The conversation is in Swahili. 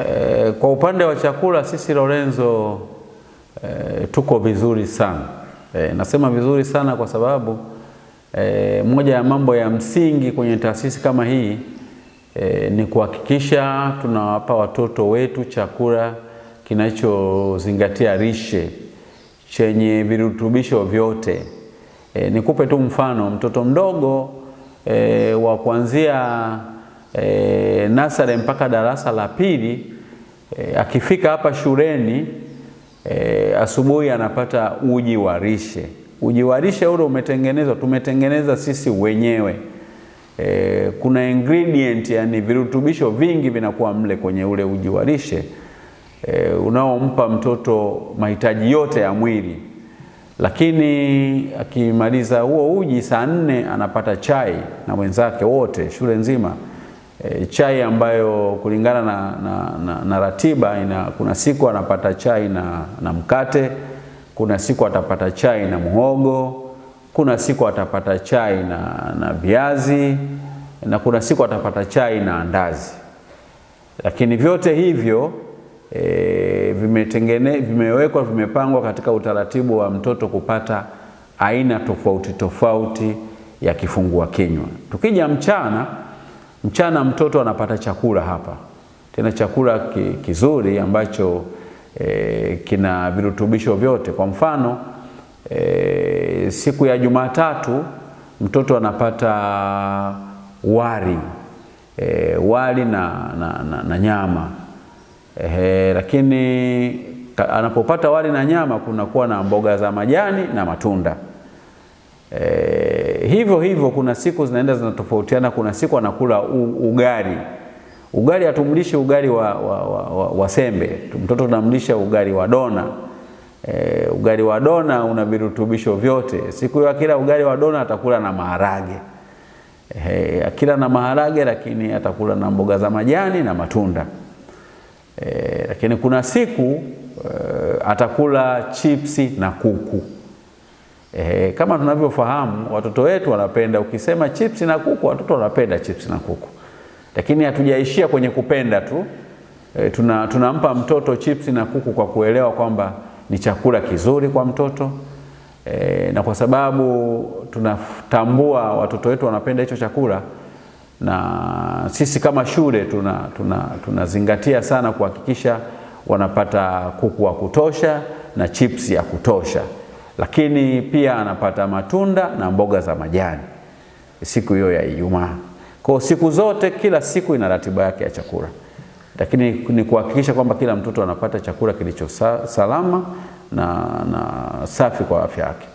E, kwa upande wa chakula sisi Lorenzo e, tuko vizuri sana e, nasema vizuri sana kwa sababu e, moja ya mambo ya msingi kwenye taasisi kama hii e, ni kuhakikisha tunawapa watoto wetu chakula kinachozingatia lishe chenye virutubisho vyote. E, nikupe tu mfano mtoto mdogo e, wa kuanzia e, nasare mpaka darasa la pili e, akifika hapa shuleni e, asubuhi anapata uji wa lishe. Uji wa lishe ule umetengenezwa, tumetengeneza sisi wenyewe e, kuna ingredient yani virutubisho vingi vinakuwa mle kwenye ule uji wa lishe e, unaompa mtoto mahitaji yote ya mwili lakini akimaliza huo uji saa nne anapata chai na wenzake wote shule nzima e, chai ambayo kulingana na, na, na, na ratiba ina, kuna siku anapata chai na, na mkate, kuna siku atapata chai na muhogo, kuna siku atapata chai na, na viazi na kuna siku atapata chai na andazi, lakini vyote hivyo e, vimetengene vimewekwa vimepangwa katika utaratibu wa mtoto kupata aina tofauti tofauti ya kifungua kinywa. Tukija mchana Mchana mtoto anapata chakula hapa, tena chakula kizuri ambacho e, kina virutubisho vyote. Kwa mfano e, siku ya Jumatatu mtoto anapata wali e, wali na, na, na, na nyama e, lakini anapopata wali na nyama kunakuwa na mboga za majani na matunda e, hivyo hivyo, kuna siku zinaenda zinatofautiana. Kuna siku anakula ugali ugali, hatumlishi ugali wa, wa, wa, wa, wa sembe, mtoto tunamlisha ugali wa dona. E, ugali wa dona una virutubisho vyote. Siku hiyo akila ugali wa dona atakula na maharage e, akila na maharage, lakini atakula na mboga za majani na matunda e, lakini kuna siku e, atakula chipsi na kuku. Ehe, kama tunavyofahamu watoto wetu wanapenda, ukisema chips na kuku, watoto wanapenda chips na kuku, lakini hatujaishia kwenye kupenda tu. E, tuna, tunampa mtoto chips na kuku kwa kuelewa kwamba ni chakula kizuri kwa mtoto e, na kwa sababu tunatambua watoto wetu wanapenda hicho chakula, na sisi kama shule tunazingatia tuna, tuna sana kuhakikisha wanapata kuku wa kutosha na chips ya kutosha lakini pia anapata matunda na mboga za majani siku hiyo ya Ijumaa. Kwa siku zote, kila siku ina ratiba yake ya chakula, lakini ni kuhakikisha kwamba kila mtoto anapata chakula kilicho salama na, na safi kwa afya yake.